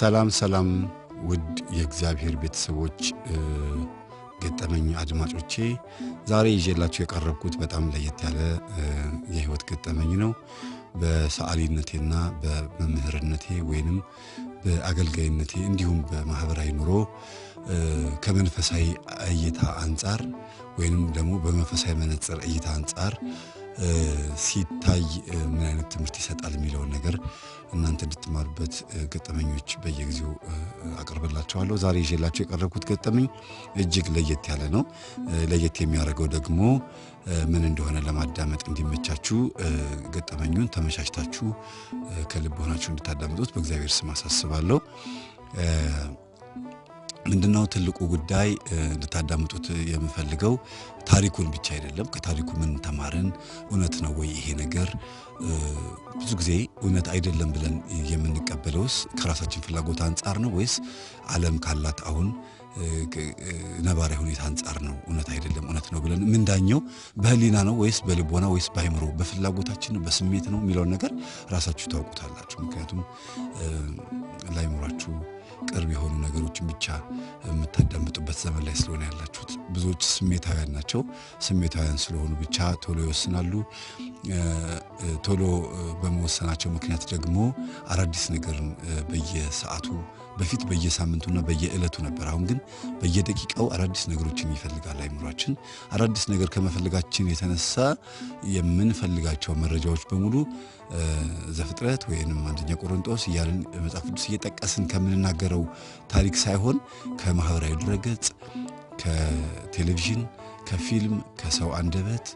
ሰላም ሰላም ውድ የእግዚአብሔር ቤተሰቦች ገጠመኝ አድማጮቼ ዛሬ ይዤላችሁ የቀረብኩት በጣም ለየት ያለ የህይወት ገጠመኝ ነው። በሰዓሊነቴና በመምህርነቴ ወይንም በአገልጋይነቴ እንዲሁም በማህበራዊ ኑሮ ከመንፈሳዊ እይታ አንጻር ወይንም ደግሞ በመንፈሳዊ መነጽር እይታ አንጻር ሲታይ ምን አይነት ትምህርት ይሰጣል የሚለውን ነገር እናንተ እንድትማሩበት ገጠመኞች በየጊዜው አቀርብላችኋለሁ። ዛሬ ይዤላችሁ የቀረብኩት ገጠመኝ እጅግ ለየት ያለ ነው። ለየት የሚያደርገው ደግሞ ምን እንደሆነ ለማዳመጥ እንዲመቻችሁ ገጠመኙን ተመቻችታችሁ ከልብ ሆናችሁ እንድታዳምጡት በእግዚአብሔር ስም አሳስባለሁ። ምንድነው ትልቁ ጉዳይ እንድታዳምጡት የምፈልገው ታሪኩን ብቻ አይደለም፣ ከታሪኩ ምን ተማርን፣ እውነት ነው ወይ ይሄ ነገር። ብዙ ጊዜ እውነት አይደለም ብለን የምንቀበለውስ ከራሳችን ፍላጎት አንጻር ነው ወይስ ዓለም ካላት አሁን ነባራዊ ሁኔታ አንጻር ነው። እውነት አይደለም፣ እውነት ነው ብለን ምንዳኘው በህሊና ነው ወይስ በልቦና ወይስ በአይምሮ በፍላጎታችን ነው በስሜት ነው የሚለውን ነገር ራሳችሁ ታውቁታላችሁ። ምክንያቱም ላይምሯችሁ ቅርብ የሆኑ ነገሮችን ብቻ የምታዳምጡበት ዘመን ላይ ስለሆነ ያላችሁት። ብዙዎች ስሜታውያን ናቸው። ስሜታውያን ስለሆኑ ብቻ ቶሎ ይወስናሉ። ቶሎ በመወሰናቸው ምክንያት ደግሞ አዳዲስ ነገርን በየሰዓቱ በፊት በየሳምንቱና በየዕለቱ ነበር። አሁን ግን በየደቂቃው አዳዲስ ነገሮችን ይፈልጋል አይምሯችን። አዳዲስ ነገር ከመፈለጋችን የተነሳ የምንፈልጋቸው መረጃዎች በሙሉ ዘፍጥረት ወይንም አንደኛ ቆሮንጦስ እያልን መጽሐፍ ቅዱስ እየጠቀስን ከምንናገረው ታሪክ ሳይሆን ከማህበራዊ ድረገጽ፣ ከቴሌቪዥን ከፊልም፣ ከሰው አንደበት፣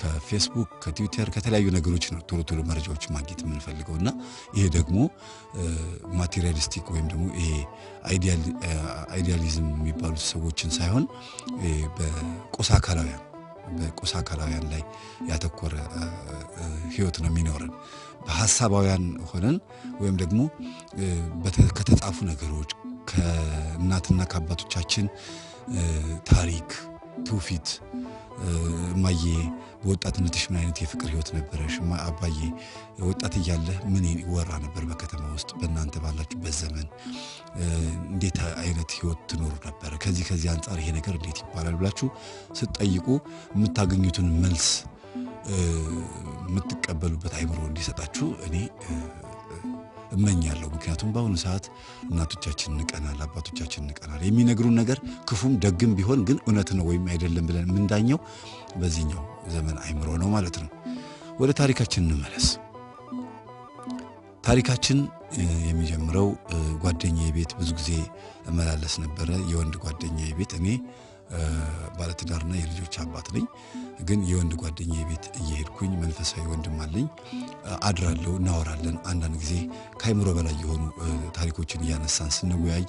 ከፌስቡክ፣ ከትዊተር፣ ከተለያዩ ነገሮች ነው ቶሎ ቶሎ መረጃዎች ማግኘት የምንፈልገው እና ይሄ ደግሞ ማቴሪያሊስቲክ ወይም ደግሞ ይሄ አይዲያሊዝም የሚባሉት ሰዎችን ሳይሆን በቁሳ አካላውያን በቁሳ አካላውያን ላይ ያተኮረ ህይወት ነው የሚኖረን። በሀሳባውያን ሆነን ወይም ደግሞ ከተጻፉ ነገሮች ከእናትና ከአባቶቻችን ታሪክ ትውፊት እማዬ በወጣትነትሽ ምን አይነት የፍቅር ህይወት ነበረሽ? አባዬ ወጣት እያለህ ምን ይወራ ነበር በከተማ ውስጥ በእናንተ ባላችሁበት ዘመን እንዴት አይነት ህይወት ትኖሩ ነበረ? ከዚህ ከዚህ አንጻር ይሄ ነገር እንዴት ይባላል ብላችሁ ስትጠይቁ የምታገኙትን መልስ የምትቀበሉበት አይምሮ እንዲሰጣችሁ እኔ እመኛለሁ። ምክንያቱም በአሁኑ ሰዓት እናቶቻችን እንቀናል፣ አባቶቻችን እንቀናል። የሚነግሩን ነገር ክፉም ደግም ቢሆን ግን እውነት ነው ወይም አይደለም ብለን የምንዳኘው በዚህኛው ዘመን አይምሮ ነው ማለት ነው። ወደ ታሪካችን እንመለስ። ታሪካችን የሚጀምረው ጓደኛዬ ቤት ብዙ ጊዜ እመላለስ ነበረ። የወንድ ጓደኛዬ ቤት እኔ ባለትዳርና የልጆች አባት ነኝ። ግን የወንድ ጓደኛ ቤት እየሄድኩኝ መንፈሳዊ ወንድም አለኝ አድራለሁ፣ እናወራለን። አንዳንድ ጊዜ ከአይምሮ በላይ የሆኑ ታሪኮችን እያነሳን ስንወያይ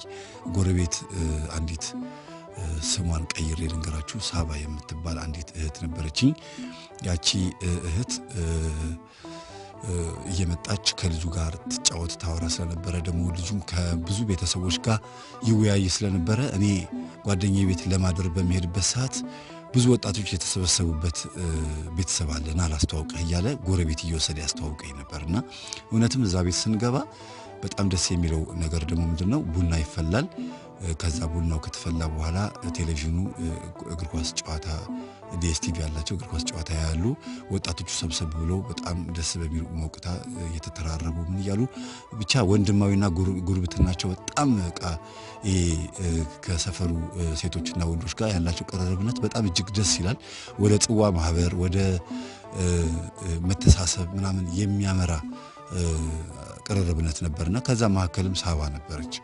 ጎረቤት አንዲት ስሟን ቀይሬ ልንገራችሁ ሳባ የምትባል አንዲት እህት ነበረችኝ። ያቺ እህት እየመጣች ከልጁ ጋር ትጫወት ታወራ ስለነበረ ደግሞ ልጁም ከብዙ ቤተሰቦች ጋር ይወያይ ስለነበረ እኔ ጓደኛ ቤት ለማደር በሚሄድበት ሰዓት ብዙ ወጣቶች የተሰበሰቡበት ቤተሰብ አለን አላስተዋውቀህ እያለ ጎረቤት እየወሰደ ያስተዋውቀኝ ነበር እና እውነትም እዛ ቤት ስንገባ በጣም ደስ የሚለው ነገር ደግሞ ምንድን ነው ቡና ይፈላል ከዛ ቡናው ከተፈላ በኋላ ቴሌቪዥኑ እግር ኳስ ጨዋታ ዲኤስቲቪ ያላቸው እግር ኳስ ጨዋታ ያሉ ወጣቶቹ ሰብሰብ ብለው በጣም ደስ በሚል ሞቅታ እየተተራረቡ ምን እያሉ ብቻ ወንድማዊና ጉርብትናቸው በጣም ቃ ከሰፈሩ ሴቶችና ወንዶች ጋር ያላቸው ቀረርብነት በጣም እጅግ ደስ ይላል። ወደ ጽዋ ማህበር ወደ መተሳሰብ ምናምን የሚያመራ ቅርርብነት ነበርና ከዛ መካከልም ሳባ ነበረች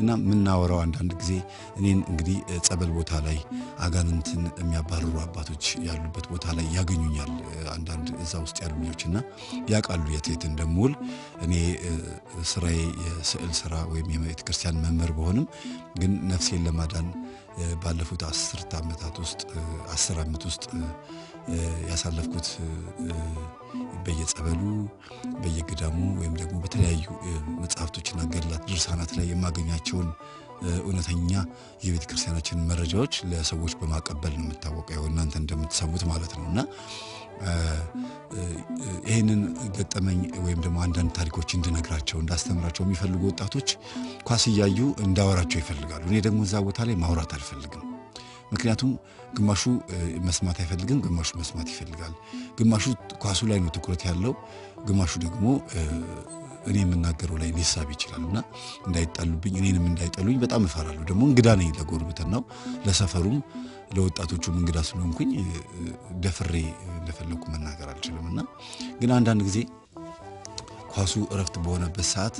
እና የምናወራው አንዳንድ ጊዜ እኔን እንግዲህ ጸበል ቦታ ላይ አጋንንትን የሚያባርሩ አባቶች ያሉበት ቦታ ላይ ያገኙኛል። አንዳንድ እዛ ውስጥ ያሉ ልጆች እና ያውቃሉ የት የት እንደምውል። እኔ ስራዬ የስዕል ስራ ወይም የቤተ ክርስቲያን መምህር በሆንም ግን ነፍሴን ለማዳን ባለፉት አስርት ዓመታት ውስጥ አስር ዓመት ውስጥ ያሳለፍኩት በየጸበሉ በየገዳሙ ወይም ደግሞ በተለያዩ መጽሐፍቶችና ገድላት፣ ድርሳናት ላይ የማገኛቸውን እውነተኛ የቤተ ክርስቲያናችን መረጃዎች ለሰዎች በማቀበል ነው የምታወቀው፣ እናንተ እንደምትሰሙት ማለት ነው እና ይህንን ገጠመኝ ወይም ደግሞ አንዳንድ ታሪኮች እንድነግራቸው እንዳስተምራቸው የሚፈልጉ ወጣቶች ኳስ እያዩ እንዳወራቸው ይፈልጋሉ። እኔ ደግሞ እዛ ቦታ ላይ ማውራት አልፈልግም። ምክንያቱም ግማሹ መስማት አይፈልግም፣ ግማሹ መስማት ይፈልጋል። ግማሹ ኳሱ ላይ ነው ትኩረት ያለው፣ ግማሹ ደግሞ እኔ የምናገረው ላይ ሊሳብ ይችላል እና እንዳይጣሉብኝ እኔንም እንዳይጠሉኝ በጣም እፈራለሁ። ደግሞ እንግዳ ነኝ ለጎርብትናው፣ ለሰፈሩም፣ ለወጣቶቹም እንግዳ ስለሆንኩኝ ደፍሬ እንደፈለግኩ መናገር አልችልም እና ግን አንዳንድ ጊዜ ኳሱ እረፍት በሆነበት ሰዓት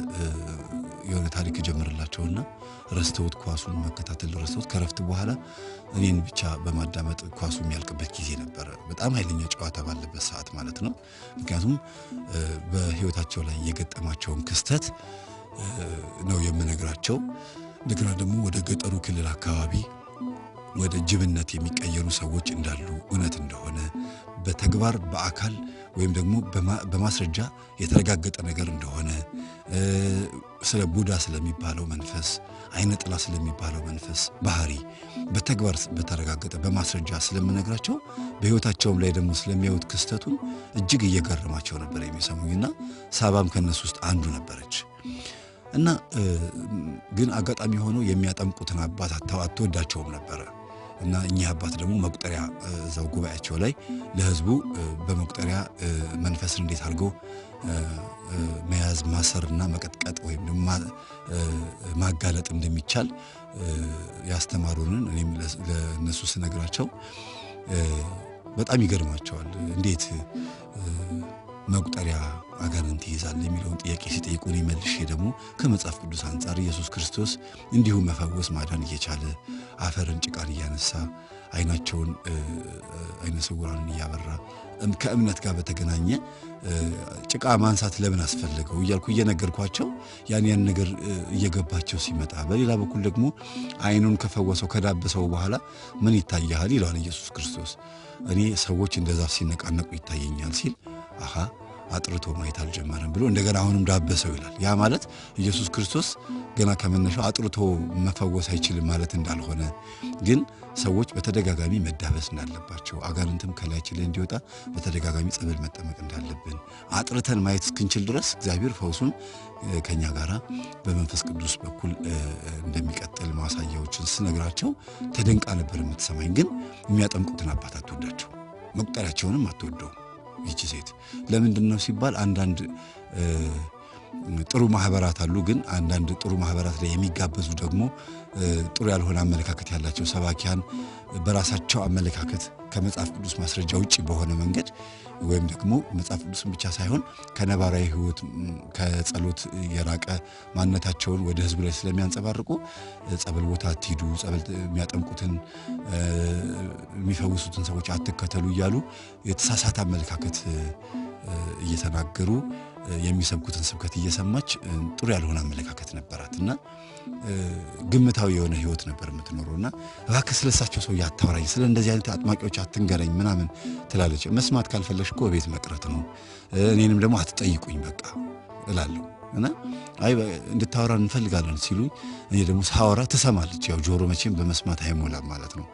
የሆነ ታሪክ እጀምርላቸውና ረስተውት ኳሱን መከታተል ረስተውት ከረፍት በኋላ እኔን ብቻ በማዳመጥ ኳሱ የሚያልቅበት ጊዜ ነበረ። በጣም ኃይለኛ ጨዋታ ባለበት ሰዓት ማለት ነው። ምክንያቱም በህይወታቸው ላይ የገጠማቸውን ክስተት ነው የምነግራቸው። እንደገና ደግሞ ወደ ገጠሩ ክልል አካባቢ ወደ ጅብነት የሚቀየሩ ሰዎች እንዳሉ እውነት እንደሆነ በተግባር በአካል ወይም ደግሞ በማስረጃ የተረጋገጠ ነገር እንደሆነ ስለ ቡዳ ስለሚባለው መንፈስ አይነ ጥላ ስለሚባለው መንፈስ ባህሪ በተግባር በተረጋገጠ በማስረጃ ስለምነግራቸው በህይወታቸውም ላይ ደግሞ ስለሚያዩት ክስተቱን እጅግ እየገረማቸው ነበር የሚሰሙኝና ሳባም ከነሱ ውስጥ አንዱ ነበረች። እና ግን አጋጣሚ ሆኖ የሚያጠምቁትን አባት አትወዳቸውም ነበረ እና እኚህ አባት ደግሞ መቁጠሪያ እዛው ጉባኤያቸው ላይ ለህዝቡ በመቁጠሪያ መንፈስን እንዴት አድርገው መያዝ ማሰርና መቀጥቀጥ ወይም ደግሞ ማጋለጥ እንደሚቻል ያስተማሩንን እኔም ለእነሱ ስነግራቸው በጣም ይገርማቸዋል እንዴት መቁጠሪያ አገርን ትይዛለህ የሚለውን ጥያቄ ሲጠይቁ እኔ መልሼ ደግሞ ከመጽሐፍ ቅዱስ አንጻር ኢየሱስ ክርስቶስ እንዲሁ መፈወስ ማዳን እየቻለ አፈርን ጭቃን እያነሳ አይናቸውን አይነ ስውራንን እያበራ ከእምነት ጋር በተገናኘ ጭቃ ማንሳት ለምን አስፈለገው እያልኩ እየነገርኳቸው ያን ያን ነገር እየገባቸው ሲመጣ፣ በሌላ በኩል ደግሞ አይኑን ከፈወሰው ከዳበሰው በኋላ ምን ይታያል ይለዋል ኢየሱስ ክርስቶስ። እኔ ሰዎች እንደዛፍ ሲነቃነቁ ይታየኛል ሲል አሃ አጥርቶ ማየት አልጀመረም ብሎ እንደገና አሁንም ዳበሰው ይላል። ያ ማለት ኢየሱስ ክርስቶስ ገና ከመነሻው አጥርቶ መፈወስ አይችልም ማለት እንዳልሆነ፣ ግን ሰዎች በተደጋጋሚ መዳበስ እንዳለባቸው፣ አጋንንትም ከላያችን ላይ እንዲወጣ በተደጋጋሚ ጸበል መጠመቅ እንዳለብን፣ አጥርተን ማየት እስክንችል ድረስ እግዚአብሔር ፈውሱን ከኛ ጋር በመንፈስ ቅዱስ በኩል እንደሚቀጥል ማሳያዎችን ስነግራቸው ተደንቃ ነበር የምትሰማኝ። ግን የሚያጠምቁትን አባት አትወዳቸው፣ መቁጠሪያቸውንም አትወደውም። ይቺ ሴት ለምንድን ነው ሲባል አንዳንድ ጥሩ ማህበራት አሉ። ግን አንዳንድ ጥሩ ማህበራት ላይ የሚጋበዙ ደግሞ ጥሩ ያልሆነ አመለካከት ያላቸው ሰባኪያን በራሳቸው አመለካከት ከመጽሐፍ ቅዱስ ማስረጃ ውጭ በሆነ መንገድ ወይም ደግሞ መጽሐፍ ቅዱስን ብቻ ሳይሆን ከነባራዊ ህይወት ከጸሎት የራቀ ማንነታቸውን ወደ ህዝቡ ላይ ስለሚያንጸባርቁ ጸበል ቦታ አትሂዱ፣ ጸበል የሚያጠምቁትን የሚፈውሱትን ሰዎች አትከተሉ እያሉ የተሳሳተ አመለካከት እየተናገሩ የሚሰብኩትን ስብከት እየሰማች ጥሩ ያልሆነ አመለካከት ነበራት እና ግምታዊ የሆነ ህይወት ነበር የምትኖረው እና እባክህ ስለሳቸው ሰው ያታወራኝ፣ ስለ እንደዚህ አይነት አጥማቂዎች አትንገረኝ ምናምን ትላለች። መስማት ካልፈለሽ እኮ ቤት መቅረት ነው፣ እኔንም ደግሞ አትጠይቁኝ በቃ እላለሁ እና አይ እንድታወራ እንፈልጋለን ሲሉ እኔ ደግሞ ሳወራ ትሰማለች። ያው ጆሮ መቼም በመስማት አይሞላም ማለት ነው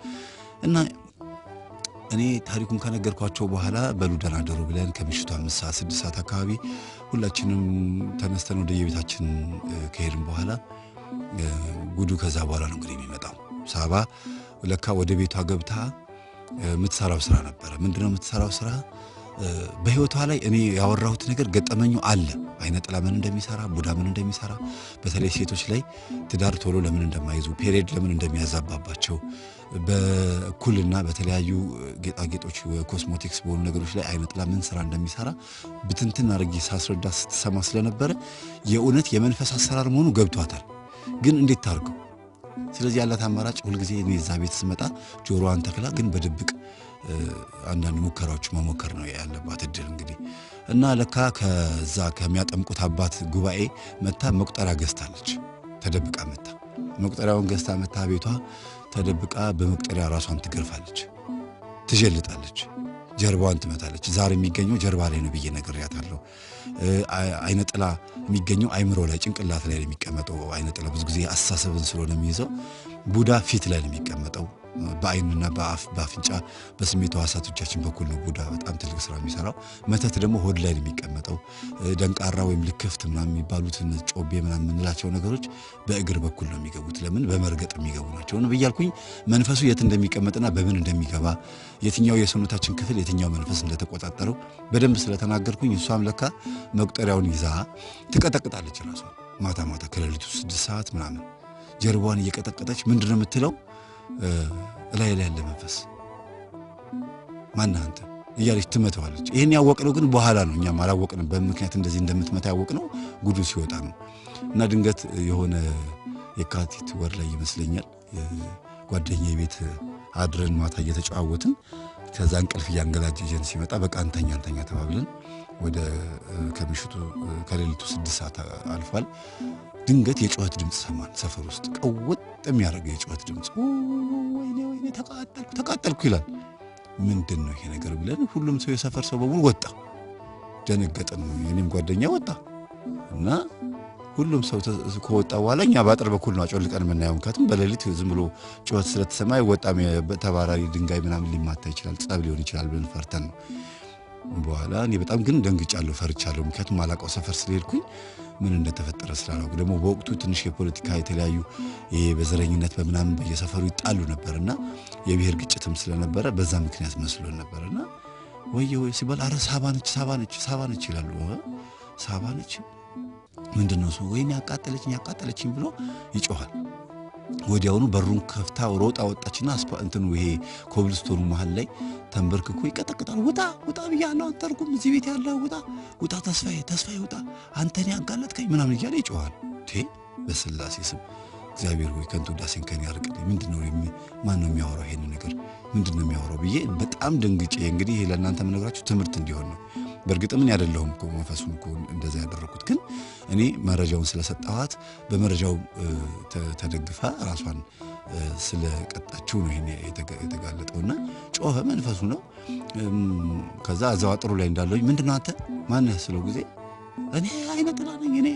እና እኔ ታሪኩን ከነገርኳቸው በኋላ በሉ ደህና ደሩ ብለን ከምሽቱ አምስት ሰዓት ስድስት ሰዓት አካባቢ ሁላችንም ተነስተን ወደ የቤታችን ከሄድን በኋላ ጉዱ ከዛ በኋላ ነው እንግዲህ የሚመጣው። ሳባ ለካ ወደ ቤቷ ገብታ የምትሰራው ስራ ነበረ። ምንድነው የምትሰራው ስራ? በህይወቷ ላይ እኔ ያወራሁት ነገር ገጠመኙ አለ። አይነ ጥላ ምን እንደሚሰራ ቡዳ ምን እንደሚሰራ፣ በተለይ ሴቶች ላይ ትዳር ቶሎ ለምን እንደማይዙ፣ ፔሪድ ለምን እንደሚያዛባባቸው፣ በኩልና በተለያዩ ጌጣጌጦች፣ ኮስሞቲክስ በሆኑ ነገሮች ላይ አይነ ጥላ ምን ስራ እንደሚሰራ ብትንትን አድርጌ ሳስረዳ ስትሰማ ስለነበረ የእውነት የመንፈስ አሰራር መሆኑ ገብቷታል። ግን እንዴት ታርገው? ስለዚህ ያላት አማራጭ ሁልጊዜ እኔ እዛ ቤት ስመጣ ጆሮዋን ተክላ ግን በድብቅ አንዳንድ ሙከራዎች መሞከር ነው ያለባት እድል እንግዲህ እና ለካ ከዛ ከሚያጠምቁት አባት ጉባኤ መታ መቁጠሪያ ገዝታለች። ተደብቃ መታ መቁጠሪያውን ገዝታ መታ ቤቷ ተደብቃ በመቁጠሪያ ራሷን ትገርፋለች፣ ትጀልጣለች። ጀርባዋን ትመታለች። ዛር የሚገኘው ጀርባ ላይ ነው ብዬ ነግሬያታለሁ። አይነ ጥላ የሚገኘው አይምሮ ላይ ጭንቅላት ላይ ነው የሚቀመጠው። አይነ ጥላ ብዙ ጊዜ አስተሳሰብን ስለሆነ የሚይዘው ቡዳ ፊት ላይ ነው የሚቀመጠው። በአይንና በአፍንጫ በስሜት ሕዋሳቶቻችን በኩል ነው ቡዳ በጣም ትልቅ ስራ የሚሰራው። መተት ደግሞ ሆድ ላይ ነው የሚቀመጠው። ደንቃራ ወይም ልክፍት ምናምን የሚባሉት ጮቤ ምናምን የምንላቸው ነገሮች በእግር በኩል ነው የሚገቡት። ለምን በመርገጥ የሚገቡ ናቸው ብያልኩኝ። መንፈሱ የት እንደሚቀመጥና በምን እንደሚገባ የትኛው የሰውነታችን ክፍል የትኛው መንፈስ እንደተቆጣጠረው በደንብ ስለተናገርኩኝ እሷም ለካ መቁጠሪያውን ይዛ ትቀጠቅጣለች ራሷ ማታ ማታ ከሌሊቱ ስድስት ሰዓት ምናምን ጀርባዋን እየቀጠቀጠች ምንድን ነው የምትለው እላይ ላይ ያለ መንፈስ ማነህ አንተ እያለች ትመተዋለች። ይህን ያወቅነው ግን በኋላ ነው። እኛም አላወቅንም። በምክንያት እንደዚህ እንደምትመታ ያወቅነው ጉዱ ሲወጣ ነው። እና ድንገት የሆነ የካቲት ወር ላይ ይመስለኛል ጓደኛ የቤት አድረን ማታ እየተጨዋወትን ከዛ እንቅልፍ እያንገላጀጀን ሲመጣ በቃ እንተኛ እንተኛ ተባብለን ወደ ከምሽቱ ከሌሊቱ ስድስት ሰዓት አልፏል። ድንገት የጩኸት ድምፅ ሰማን። ሰፈር ውስጥ ቀውጥ የሚያደርገ የጩኸት ድምፅ፣ ወይኔ ወይኔ፣ ተቃጠልኩ ተቃጠልኩ ይላል። ምንድን ነው ይሄ ነገር ብለን ሁሉም ሰው የሰፈር ሰው በሙሉ ወጣ። ደነገጠን። የኔም ጓደኛ ወጣ እና ሁሉም ሰው ከወጣ በኋላ እኛ በአጥር በኩል ነው አጮልቀን የምናየው። ምክንያቱም በሌሊት ዝም ብሎ ጩኸት ስለተሰማ ወጣም ተባራሪ ድንጋይ ምናምን ሊማታ ይችላል፣ ጸብ ሊሆን ይችላል ብለን ፈርተን ነው በኋላ እኔ በጣም ግን ደንግጫለሁ፣ ፈርቻለሁ። ምክንያቱም አላውቀው ሰፈር ስለሄድኩኝ ምን እንደተፈጠረ ስላላውቅ ደግሞ በወቅቱ ትንሽ የፖለቲካ የተለያዩ በዘረኝነት በምናምን በየሰፈሩ ይጣሉ ነበር እና የብሔር ግጭትም ስለነበረ በዛ ምክንያት መስሎን እና ወየ ወይ ሲባል አረ ሳባነች ሳባነች ሳባነች ይላሉ። ሳባነች ምንድን ነው እሱ? ወይ ያቃጠለችኝ ያቃጠለችኝ ብሎ ይጮኋል። ወዲያውኑ በሩን ከፍታ ሮጣ ወጣችና እንትን ይሄ ኮብልስቶኑ መሀል ላይ ተንበርክኮ ይቀጠቅጣል። ውጣ ውጣ ብያለሁ፣ አንተ እርጉም እዚህ ቤት ያለ ውጣ ውጣ፣ ተስፋዬ ተስፋዬ ውጣ፣ አንተን ያጋለጥከኝ ምናምን እያለ ይጮኋል። በስላሴ ስም እግዚአብሔር ሆይ ከንቱ ዳሴን ከኔ ያርቅልኝ። ምንድነው ማን ነው የሚያወራው? ይሄን ነገር ምንድነው የሚያወራው ብዬ በጣም ደንግጬ እንግዲህ ለእናንተ መነግራችሁ ትምህርት እንዲሆን ነው። በእርግጥም ምን አይደለሁም እኮ መንፈሱን ያደረኩት፣ ግን እኔ መረጃውን ስለሰጠኋት በመረጃው ተደግፋ ራሷን ስለቀጣችው ነው ይሄን የተጋለጠውና ጮኸ። መንፈሱ ነው። ከዛ እዛው አጥሩ ላይ እንዳለሁኝ ምንድን ነው አንተ ማነህ ስለው ጊዜ እኔ አይነ ጥላ ነኝ እኔ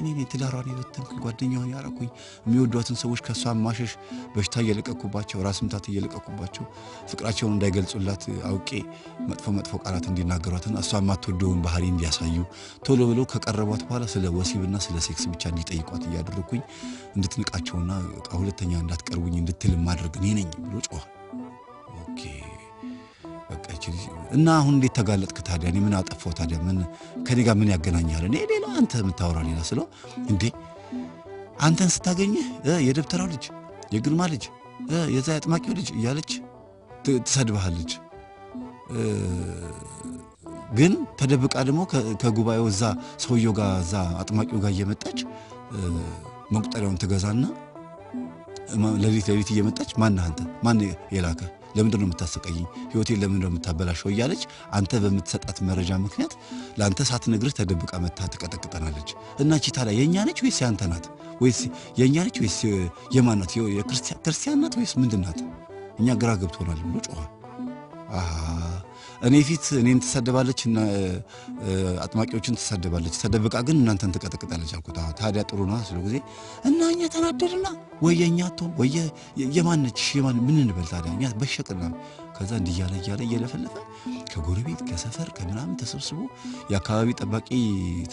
እኔ ነኝ ትዳሯን የበተንኩኝ ጓደኛዋን ያረኩኝ የሚወዷትን ሰዎች ከእሷ ማሸሽ በሽታ እየለቀኩባቸው ራስ ምታት እየለቀኩባቸው ፍቅራቸውን እንዳይገልጹላት አውቄ መጥፎ መጥፎ ቃላት እንዲናገሯትን እሷ የማትወደውን ባህሪ እንዲያሳዩ ቶሎ ብለው ከቀረቧት በኋላ ስለ ወሲብና ስለ ሴክስ ብቻ እንዲጠይቋት እያደረኩኝ እንድትንቃቸውና ሁለተኛ እንዳትቀርቡኝ እንድትል ማድረግ እኔ ነኝ ብሎ ጮኸ። ኦኬ በቃ እና አሁን እንዴት ተጋለጥክ ታዲያ? እኔ ምን አጠፋው ታዲያ? ምን ከኔ ጋር ምን ያገናኛል? እኔ ሌላ አንተ የምታወራ ሌላ ስለው፣ እንዴ አንተን ስታገኝህ የደብተራው ልጅ የግርማ ልጅ የዛ አጥማቂው ልጅ እያለች ትሰድብሃለች። ግን ተደብቃ ደግሞ ከጉባኤው እዛ ሰውየው ጋር እዛ አጥማቂው ጋር እየመጣች መቁጠሪያውን ትገዛና ለሊት ለሊት እየመጣች ማን አንተ ማን የላከ ለምንድን ነው የምታሰቃየኝ? ህይወቴን ለምንድን ነው የምታበላሸው? እያለች አንተ በምትሰጣት መረጃ ምክንያት ለአንተ ሳትነግርህ ተደብቃ መታ ትቀጠቅጠናለች። እና ቺ ታዲያ የእኛ ነች ወይስ ያንተ ናት? ወይስ የእኛ ነች ወይስ የማን ናት? ክርስቲያን ናት ወይስ ምንድን ናት? እኛ ግራ ገብቶናል ብሎ ጮኋል። እኔ ፊት እኔን ትሳደባለች እና አጥማቂዎችን ትሳደባለች፣ ተደብቃ ግን እናንተን ትቀጠቅጣለች አልኩት። ታዲያ ጥሩ ነዋ ስለ ጊዜ እና እኛ ተናደድና ወየ እኛ አትሆን ወየ የማነች የማን ምን እንበል ታዲያ እኛ በሸቅና ከዛ እንዲያለ እያለ እየለፈለፈ ከጎረቤት ከሰፈር ከምናምን ተሰብስቦ የአካባቢ ጠባቂ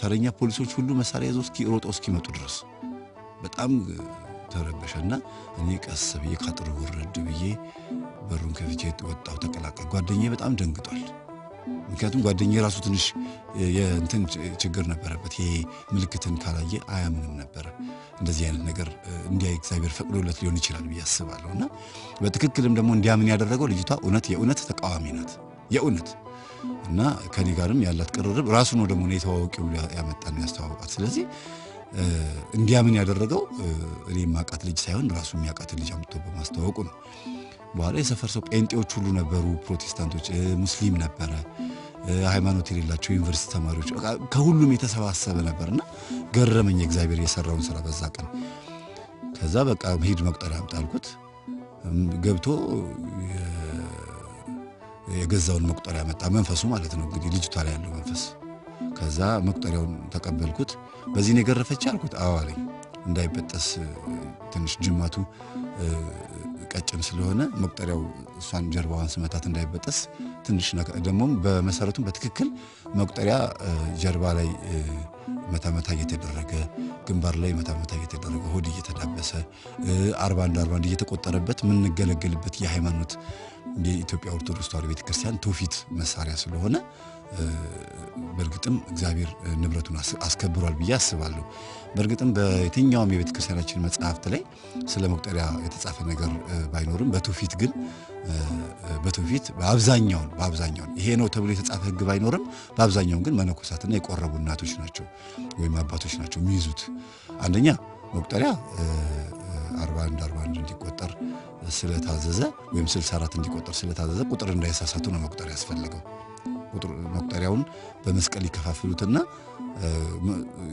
ተረኛ ፖሊሶች ሁሉ መሳሪያ ይዞ እስኪ ሮጦ እስኪመጡ ድረስ በጣም ተረበሸና እኔ ቀስ ብዬ ከአጥሩ ውረድ ብዬ በሩን ከፍቼ ወጣሁ። ተቀላቀል ጓደኛዬ በጣም ደንግጧል። ምክንያቱም ጓደኛ የራሱ ትንሽ የእንትን ችግር ነበረበት። ይሄ ምልክትን ካላየ አያምንም ነበረ። እንደዚህ አይነት ነገር እንዲያይ እግዚአብሔር ፈቅዶለት ሊሆን ይችላል ብዬ አስባለሁ። እና በትክክልም ደግሞ እንዲያምን ያደረገው ልጅቷ እውነት የእውነት ተቃዋሚ ናት የእውነት እና ከኔ ጋርም ያላት ቅርርብ ራሱን ነው የተዋወቂ ያመጣን ያስተዋወቃት። ስለዚህ እንዲያምን ያደረገው እኔ የማውቃት ልጅ ሳይሆን ራሱ የሚያውቃትን ልጅ አምጥቶ በማስተዋወቁ ነው። በኋላ የሰፈር ሰው ጴንጤዎች ሁሉ ነበሩ፣ ፕሮቴስታንቶች፣ ሙስሊም ነበረ፣ ሃይማኖት የሌላቸው ዩኒቨርሲቲ ተማሪዎች፣ ከሁሉም የተሰባሰበ ነበርና ገረመኝ እግዚአብሔር የሰራውን ስራ በዛ ቀን። ከዛ በቃ ሂድ መቁጠሪያ አምጣ ገብቶ የገዛውን መቁጠሪያ መጣ። መንፈሱ ማለት ነው እንግዲህ ልጅቷ ላይ ያለው መንፈስ ከዛ መቁጠሪያውን ተቀበልኩት። በዚህ ነው የገረፈች አልኩት። አዎ አለኝ። እንዳይበጠስ ትንሽ ጅማቱ ቀጭን ስለሆነ መቁጠሪያው እሷን ጀርባዋን ስመታት እንዳይበጠስ ትንሽ ደግሞም በመሰረቱም በትክክል መቁጠሪያ ጀርባ ላይ መታመታ እየተደረገ ግንባር ላይ መታመታ እየተደረገ ሆድ እየተዳበሰ አርባ አንድ አርባ አንድ እየተቆጠረበት የምንገለገልበት የሃይማኖት የኢትዮጵያ ኦርቶዶክስ ተዋሕዶ ቤተክርስቲያን ትውፊት መሳሪያ ስለሆነ በእርግጥም እግዚአብሔር ንብረቱን አስከብሯል ብዬ አስባለሁ። በእርግጥም በየትኛውም የቤተ ክርስቲያናችን መጽሐፍት ላይ ስለ መቁጠሪያ የተጻፈ ነገር ባይኖርም በትውፊት ግን በትውፊት በአብዛኛውን በአብዛኛውን ይሄ ነው ተብሎ የተጻፈ ሕግ ባይኖርም በአብዛኛውን ግን መነኮሳትና የቆረቡ እናቶች ናቸው ወይም አባቶች ናቸው የሚይዙት። አንደኛ መቁጠሪያ 41 41 እንዲቆጠር ስለታዘዘ ወይም 64 እንዲቆጠር ስለታዘዘ ቁጥር እንዳይሳሳቱ ነው መቁጠሪያ ያስፈልገው። ቁጥር መቁጠሪያውን በመስቀል ይከፋፍሉትና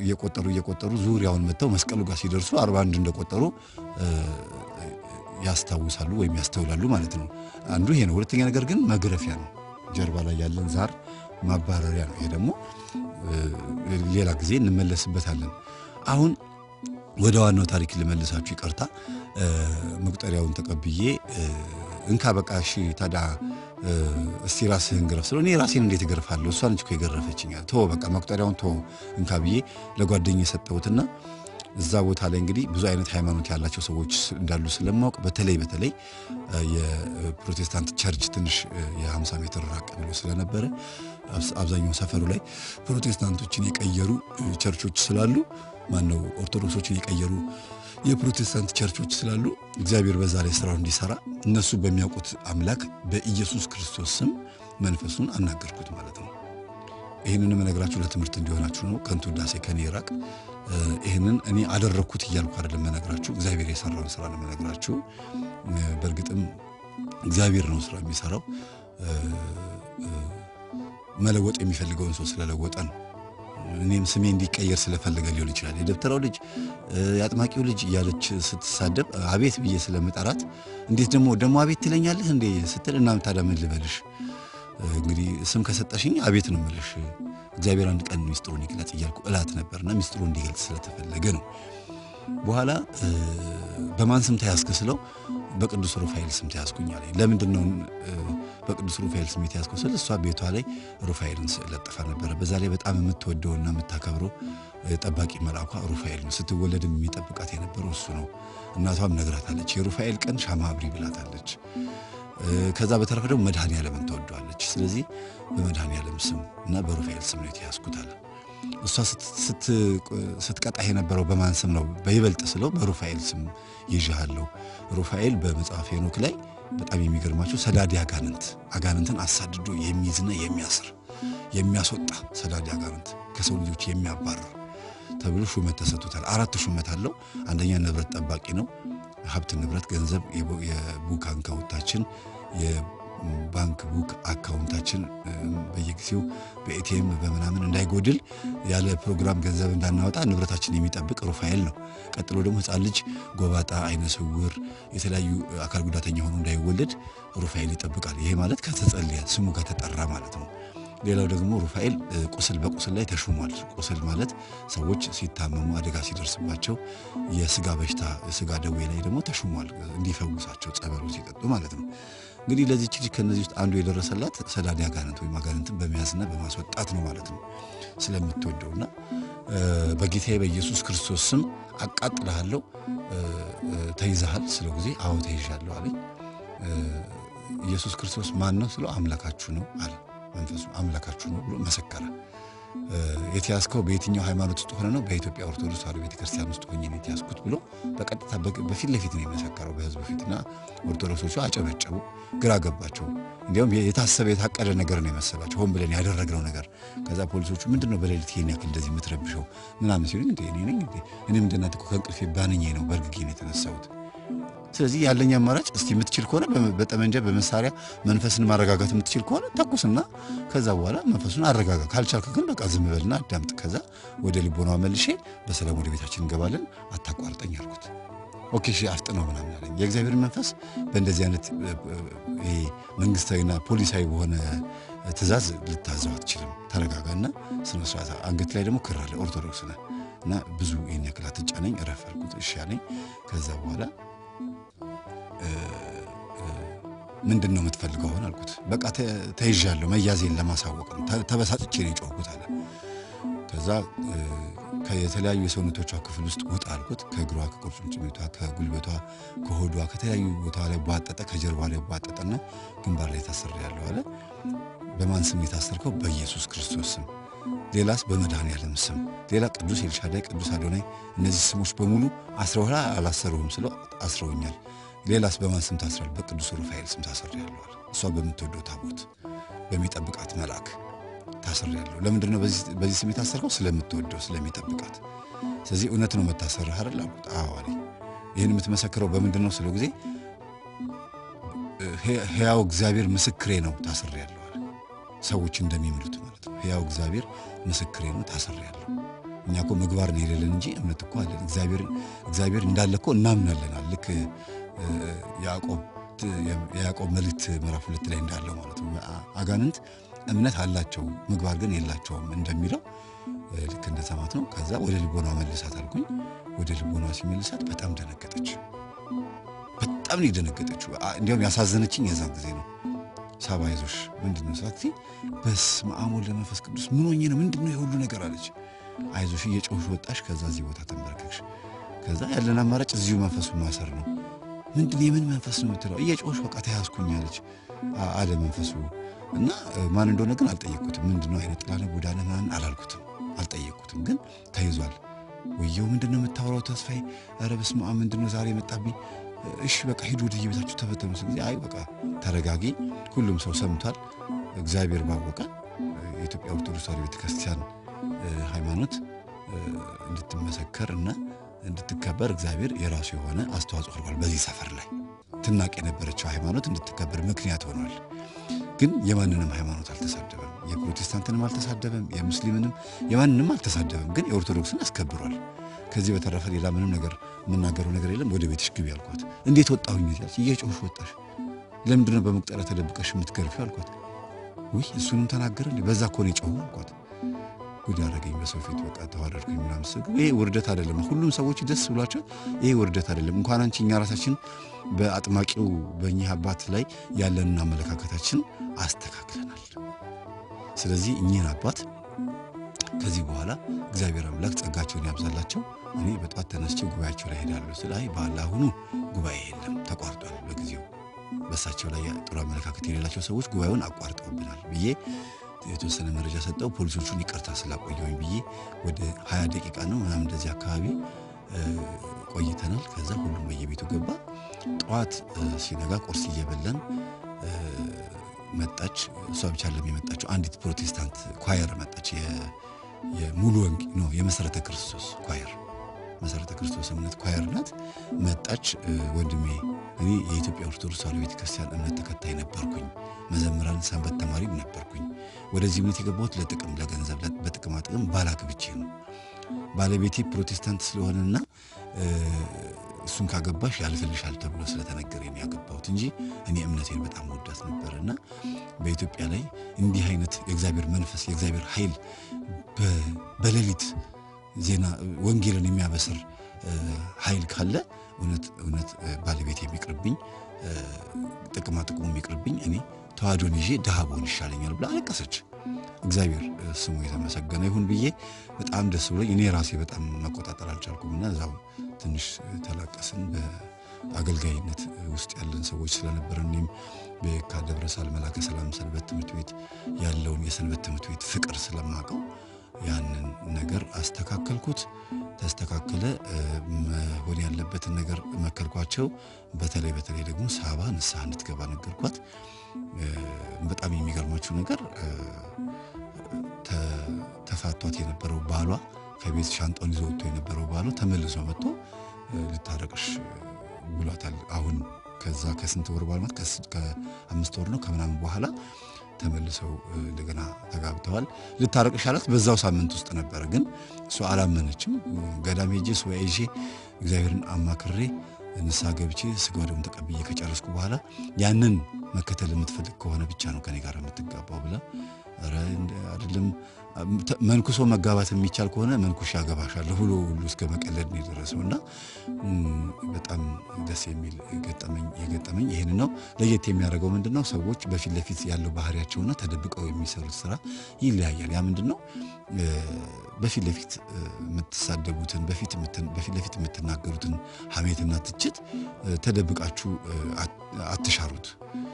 እየቆጠሩ እየቆጠሩ ዙሪያውን መጥተው መስቀሉ ጋር ሲደርሱ አርባ አንድ እንደቆጠሩ ያስታውሳሉ ወይም ያስተውላሉ ማለት ነው። አንዱ ይሄ ነው። ሁለተኛ ነገር ግን መግረፊያ ነው። ጀርባ ላይ ያለን ዛር ማባረሪያ ነው። ይሄ ደግሞ ሌላ ጊዜ እንመለስበታለን። አሁን ወደ ዋናው ታሪክ ልመልሳችሁ። ይቅርታ መቁጠሪያውን ተቀብዬ እንካ በቃ እሺ ታዲያ እስቲ ራስህን ገረፍ ስለው እኔ ራሴን እንዴት እገርፋለሁ? እሷ ነች እኮ የገረፈችኝ። ቶ በቃ መቁጠሪያውን ቶ እንካ ብዬ ለጓደኛ የሰጠሁትና እዛ ቦታ ላይ እንግዲህ ብዙ አይነት ሃይማኖት ያላቸው ሰዎች እንዳሉ ስለማወቅ በተለይ በተለይ የፕሮቴስታንት ቸርች ትንሽ የ50 ሜትር ራቅ ብሎ ስለነበረ አብዛኛው ሰፈሩ ላይ ፕሮቴስታንቶችን የቀየሩ ቸርቾች ስላሉ ማነው ኦርቶዶክሶችን የቀየሩ የፕሮቴስታንት ቸርቾች ስላሉ እግዚአብሔር በዛ ላይ ስራው እንዲሰራ እነሱ በሚያውቁት አምላክ በኢየሱስ ክርስቶስ ስም መንፈሱን አናገርኩት ማለት ነው። ይህንንም እነግራችሁ ለትምህርት እንዲሆናችሁ ነው። ከንቱ ውዳሴ ከኔ ይራቅ። ይህንን እኔ አደረግኩት እያልኩ አይደለም መነግራችሁ፣ እግዚአብሔር የሰራውን ስራ ነው መነግራችሁ። በእርግጥም እግዚአብሔር ነው ስራ የሚሰራው። መለወጥ የሚፈልገውን ሰው ስለለወጠ ነው። እኔም ስሜ እንዲቀየር ስለፈለገ ሊሆን ይችላል። የደብተራው ልጅ የአጥማቂው ልጅ እያለች ስትሳደብ አቤት ብዬ ስለምጠራት እንዴት ደግሞ ደግሞ አቤት ትለኛለህ እንዴ ስትል እናም ታዲያ ምን ልበልሽ እንግዲህ ስም ከሰጠሽኝ አቤት ነው የምልሽ፣ እግዚአብሔር አንድ ቀን ሚስጥሩን ይግለጽ እያልኩ እላት ነበርና ሚስጥሩ እንዲገልጽ ስለተፈለገ ነው። በኋላ በማን ስም ተያዝክ ስለው በቅዱስ ሩፋኤል ስም ተያዝኩኝ አለኝ። ለምንድን ነው በቅዱስ ሩፋኤል ስም የተያዝኩ ስል እሷ ቤቷ ላይ ሩፋኤልን ለጥፋ ነበረ። በዛ ላይ በጣም የምትወደውና የምታከብረው ጠባቂ መልአኳ ሩፋኤል ነው። ስትወለድም የሚጠብቃት የነበረው እሱ ነው። እናቷም ነግራታለች። የሩፋኤል ቀን ሻማ አብሪ ብላታለች። ከዛ በተረፈ ደግሞ መድኃኔ ትወደዋለች። ስለዚህ በመድኃኔ ስም እና በሩፋኤል ስም ነው የተያዝኩት አለ። እሷ ስትቀጣህ የነበረው በማን ስም ነው? በይበልጥ ስለው በሩፋኤል ስም ይዣሃለሁ። ሩፋኤል በመጽሐፍ ሄኖክ ላይ በጣም የሚገርማቸው ሰዳዲ አጋንንት አጋንንትን አሳድዶ የሚይዝና የሚያስር የሚያስወጣ ሰዳዲ አጋንንት ከሰው ልጆች የሚያባርር ተብሎ ሹመት ተሰጥቶታል። አራት ሹመት አለው። አንደኛ ንብረት ጠባቂ ነው። ሀብት ንብረት፣ ገንዘብ የቡካን ባንክ ቡክ አካውንታችን በየጊዜው በኤቲኤም በምናምን እንዳይጎድል ያለ ፕሮግራም ገንዘብ እንዳናወጣ ንብረታችን የሚጠብቅ ሩፋኤል ነው። ቀጥሎ ደግሞ ህፃን ልጅ ጎባጣ፣ አይነ ስውር፣ የተለያዩ አካል ጉዳተኛ ሆኖ እንዳይወለድ ሩፋኤል ይጠብቃል። ይሄ ማለት ከተጸልያ ስሙ ከተጠራ ማለት ነው። ሌላው ደግሞ ሩፋኤል ቁስል በቁስል ላይ ተሹሟል። ቁስል ማለት ሰዎች ሲታመሙ አደጋ ሲደርስባቸው የስጋ በሽታ ስጋ ደዌ ላይ ደግሞ ተሹሟል እንዲፈውሳቸው ጸበሉ ሲጠጡ ማለት ነው። እንግዲህ ለዚች ልጅ ከነዚህ ውስጥ አንዱ የደረሰላት ሰላዲ አጋንንት ወይም አጋንንትን በመያዝና በማስወጣት ነው ማለት ነው። ስለምትወደውና በጌታዬ በኢየሱስ ክርስቶስ ስም አቃጥልሃለሁ፣ ተይዘሃል ስለው ጊዜ አዎ ተይዣለሁ አለኝ። ኢየሱስ ክርስቶስ ማን ነው ስለው አምላካችሁ ነው አለ። መንፈሱ አምላካችሁ ነው ብሎ መሰከራል። የተያዝከው በየትኛው ሃይማኖት ውስጥ ሆነ ነው? በኢትዮጵያ ኦርቶዶክስ ተዋህዶ ቤተክርስቲያን ውስጥ ሆኜ ነው የተያዝኩት ብሎ በቀጥታ በፊት ለፊት ነው የመሰከረው በህዝብ ፊትና ኦርቶዶክሶቹ አጨበጨቡ። ግራ ገባቸው። እንዲሁም የታሰበ የታቀደ ነገር ነው የመሰላቸው፣ ሆን ብለን ያደረግነው ነገር። ከዛ ፖሊሶቹ ምንድን ነው በሌሊት ይሄን ያክል እንደዚህ የምትረብሸው ምናምን ሲሉኝ እኔ ነኝ እኔ ምንድናት እኮ ከእንቅልፌ ባንኜ ነው በእርግጌ ነው የተነሳሁት ስለዚህ ያለኝ አማራጭ እስቲ የምትችል ከሆነ በጠመንጃ በመሳሪያ መንፈስን ማረጋጋት የምትችል ከሆነ ተኩስና ከዛ በኋላ መንፈሱን አረጋጋ። ካልቻልክ ግን በቃ ዝም በልና አዳምጥ። ከዛ ወደ ልቦና መልሼ በሰላም ወደ ቤታችን እንገባለን፣ አታቋርጠኝ አልኩት። ኦኬ እሺ አፍጥነው ምናምን አለኝ። የእግዚአብሔር መንፈስ በእንደዚህ አይነት መንግስታዊና ፖሊሳዊ በሆነ ትእዛዝ ልታዘው አትችልም። ተረጋጋና ስነ ስርዓት። አንገት ላይ ደግሞ ክር አለ ኦርቶዶክስ ነህ እና ብዙ ይህን ያክል አትጫነኝ፣ እረፍ አልኩት። እሺ አለኝ። ከዛ በኋላ ምንድን ነው የምትፈልገው? ሆን አልኩት። በቃ ተይዣለሁ፣ መያዜን ለማሳወቅ ነው፣ ተበሳጭቼ ነው የጮኩት አለ። ከዛ የተለያዩ የሰውነቶቿ ክፍል ውስጥ ውጣ አልኩት። ከእግሯ፣ ከቁርጭምጭሚቷ፣ ከጉልበቷ፣ ከሆዷ ከተለያዩ ቦታ ላይ ቧጠጠ፣ ከጀርባ ላይ ቧጠጠና ግንባር ላይ ታስር ታስሬያለሁ አለ። በማን ስም የታሰርከው? በኢየሱስ ክርስቶስ ስም። ሌላስ? በመድኃኔዓለም ስም። ሌላ ቅዱስ ኤልሻዳይ፣ ቅዱስ አዶናይ፣ እነዚህ ስሞች በሙሉ አስረውላ አላሰሩህም ስለው አስረውኛል ሌላስ በማን ስም ታስራል? በቅዱስ ሩፋኤል ስም ታስር ያለዋል። እሷ በምትወደው ታቦት በሚጠብቃት መልአክ ታስር ያለው። ለምንድን ነው በዚህ ስም የታሰርከው? ስለምትወደው ስለሚጠብቃት። ስለዚህ እውነት ነው መታሰርህ አይደል አልኩት። አዎ አለኝ። ይህን የምትመሰክረው በምንድን ነው ስለው ጊዜ ሕያው እግዚአብሔር ምስክሬ ነው ታስር ያለዋል። ሰዎች እንደሚምሉት ማለት ነው። ሕያው እግዚአብሔር ምስክሬ ነው ታስር ያለው። እኛ እኮ ምግባር ነው የሌለን እንጂ እምነት እኮ አለን። እግዚአብሔር እንዳለ እኮ እናምናለናል ልክ የያዕቆብ መልእክት ምዕራፍ ሁለት ላይ እንዳለው ማለት ነው። አጋንንት እምነት አላቸው ምግባር ግን የላቸውም እንደሚለው ልክ እንደሰማት ነው። ከዛ ወደ ልቦና መልሳት አልኩኝ። ወደ ልቦና ሲመልሳት በጣም ደነገጠች። በጣም ነው የደነገጠችው። እንዲያውም ያሳዘነችኝ የዛን ጊዜ ነው። ሳባ ይዞሽ ምንድን ነው ስላት፣ በስመ አብ ወወልድ ወመንፈስ ቅዱስ ምን ሆኜ ነው ምንድን ነው የሁሉ ነገር አለች። አይዞሽ እየጮሽ ወጣሽ፣ ከዛ እዚህ ቦታ ተንበርከሽ፣ ከዛ ያለን አማራጭ እዚሁ መንፈሱ ማሰር ነው ምንድን የምን መንፈስ ነው የምትለው? እየጮሽ በቃ ተያዝኩኛለች አለ መንፈሱ። እና ማን እንደሆነ ግን አልጠየቅኩትም። ምንድን ነው አይነ ጥላነ ጎዳነ ምናምን አላልኩትም፣ አልጠየቅኩትም። ግን ተይዟል። ወየው ምንድን ነው የምታወራው ተስፋዬ? ኧረ በስመ አብ ምንድን ነው ዛሬ መጣብኝ? እሺ በቃ ሂዱ ወደ የቤታችሁ ተፈተኑ። ስለዚህ አይ በቃ ተረጋጊ፣ ሁሉም ሰው ሰምቷል፣ እግዚአብሔር ባወቀ የኢትዮጵያ ኦርቶዶክስ ተዋሕዶ ቤተክርስቲያን ሃይማኖት እንድትመሰከር እና እንድትከበር እግዚአብሔር የራሱ የሆነ አስተዋጽኦ አድርጓል። በዚህ ሰፈር ላይ ትናቅ የነበረችው ሃይማኖት እንድትከበር ምክንያት ሆኗል። ግን የማንንም ሃይማኖት አልተሳደበም። የፕሮቴስታንትንም አልተሳደበም፣ የሙስሊምንም የማንንም አልተሳደበም። ግን የኦርቶዶክስን አስከብሯል። ከዚህ በተረፈ ሌላ ምንም ነገር የምናገረው ነገር የለም። ወደ ቤትሽ ግቢ አልኳት። እንዴት ወጣሁኝ ያለች እየጮሽ ወጣሽ ለምንድነው በመቁጠሪያ ተደብቀሽ የምትገርፊው አልኳት። ውይ እሱንም ተናገረ። በዛ ኮኔ ጮሁ አልኳት። ጉድ አደረገኝ በሰው ፊት በቃ ተዋረድኩኝ ምናምን ስል ይሄ ውርደት አይደለም። ሁሉም ሰዎች ደስ ብሏቸው ይሄ ውርደት አይደለም። እንኳን አንቺ እኛ ራሳችን በአጥማቂው በእኚህ አባት ላይ ያለንን አመለካከታችን አስተካክለናል። ስለዚህ እኚህን አባት ከዚህ በኋላ እግዚአብሔር አምላክ ጸጋቸውን ያብዛላቸው። እኔ በጧት ተነስቼ ጉባኤያቸው ላይ ሄዳለሁ ስል አይ ባላ አሁኑ ጉባኤ የለም ተቋርጧል፣ በጊዜው በእሳቸው ላይ ጥሩ አመለካከት የሌላቸው ሰዎች ጉባኤውን አቋርጠውብናል ብዬ የተወሰነ መረጃ ሰጠው። ፖሊሶቹን ይቅርታ ስላቆየው ብዬ ወደ ሀያ ደቂቃ ነው ምናምን እንደዚህ አካባቢ ቆይተናል። ከዛ ሁሉም በየቤቱ ገባ። ጠዋት ሲነጋ ቁርስ እየበላን መጣች። እሷ ብቻ ለም የመጣችው አንዲት ፕሮቴስታንት ኳየር መጣች። የሙሉ ወንጌል ነው የመሰረተ ክርስቶስ ኳየር መሰረተ ክርስቶስ እምነት ኳየር ናት። መጣች ወንድሜ። እኔ የኢትዮጵያ ኦርቶዶክስ ተዋሕዶ ቤተክርስቲያን እምነት ተከታይ ነበርኩኝ። መዘምራን ሰንበት ተማሪም ነበርኩኝ። ወደዚህ እምነት የገባሁት ለጥቅም ለገንዘብ፣ በጥቅማ ጥቅም ባላግብቼ ነው። ባለቤቴ ፕሮቴስታንት ስለሆነና እሱን ካገባሽ ያልፍልሻል ተብሎ ስለተነገረ ያገባሁት እንጂ እኔ እምነቴን በጣም ወዳት ነበር በኢትዮጵያ ላይ እንዲህ አይነት የእግዚአብሔር መንፈስ የእግዚአብሔር ኃይል በሌሊት ዜና ወንጌልን የሚያበስር ኃይል ካለ እውነት እውነት ባለቤት የሚቅርብኝ ጥቅማ ጥቅሙ የሚቅርብኝ እኔ ተዋህዶን ይዤ ድሃ ብሆን ይሻለኛል ብላ አለቀሰች። እግዚአብሔር ስሙ የተመሰገነ ይሁን ብዬ በጣም ደስ ብሎኝ እኔ ራሴ በጣም መቆጣጠር እና እዛው ትንሽ ተላቀስን። በአገልጋይነት ውስጥ ያለን ሰዎች ስለነበረ እኔም በየካ ደብረ መላከ ሰላም ሰንበት ትምህርት ቤት ያለውን የሰንበት ትምህርት ቤት ፍቅር ስለማቀው ያንን ነገር አስተካከልኩት። ተስተካከለ። መሆን ያለበትን ነገር መከልኳቸው። በተለይ በተለይ ደግሞ ሳባ ንስሐ እንድትገባ ነገርኳት። በጣም የሚገርማችሁ ነገር ተፋቷት የነበረው ባሏ ከቤት ሻንጣውን ይዞ ወጥቶ የነበረው ባሏ ተመልሶ መጥቶ ልታረቅሽ ብሏታል። አሁን ከዛ ከስንት ወር በኋላ ከአምስት ወር ነው ከምናምን በኋላ ተመልሰው እንደገና ተጋብተዋል። ልታረቅሽ አላት። በዛው ሳምንት ውስጥ ነበረ። ግን እሱ አላመነችም። ገዳም ሄጄ ሱባኤ ይዤ እግዚአብሔርን አማክሬ ንስሐ ገብቼ ስጋ ተቀብዬ ከጨረስኩ በኋላ ያንን መከተል የምትፈልግ ከሆነ ብቻ ነው ከኔ ጋር የምትጋባው ብላ አይደለም መንኩሶ መጋባት የሚቻል ከሆነ መንኩሽ ያገባሻለሁ ብሎ ሁሉ እስከ መቀለድ ነው የደረሰው እና በጣም ደስ የሚል ገጠመኝ የገጠመኝ ይህን ነው። ለየት የሚያደርገው ምንድን ነው? ሰዎች በፊት ለፊት ያለው ባህሪያቸውና ተደብቀው የሚሰሩት ስራ ይለያያል። ያ ምንድን ነው? በፊት ለፊት የምትሳደቡትን በፊት ለፊት የምትናገሩትን ሀሜትና ትችት ተደብቃችሁ አትሻሩት።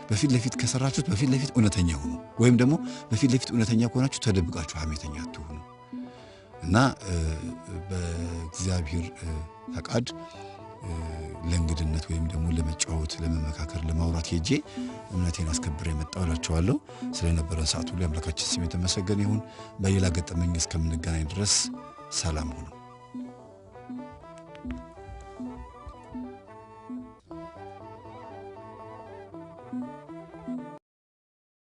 በፊት ለፊት ከሰራችሁት በፊት ለፊት እውነተኛ ሁኑ፣ ወይም ደግሞ በፊት ለፊት እውነተኛ ከሆናችሁ ተደብቃችሁ ሐሜተኛ አትሁኑ እና በእግዚአብሔር ፈቃድ ለእንግድነት ወይም ደግሞ ለመጫወት፣ ለመመካከር፣ ለማውራት ሄጄ እምነቴን አስከብር መጣሁ እላቸዋለሁ። ስለነበረን ሰዓት ሁሉ የአምላካችን ስም የተመሰገነ ይሁን። በሌላ ገጠመኝ እስከምንገናኝ ድረስ ሰላም ሁኑ።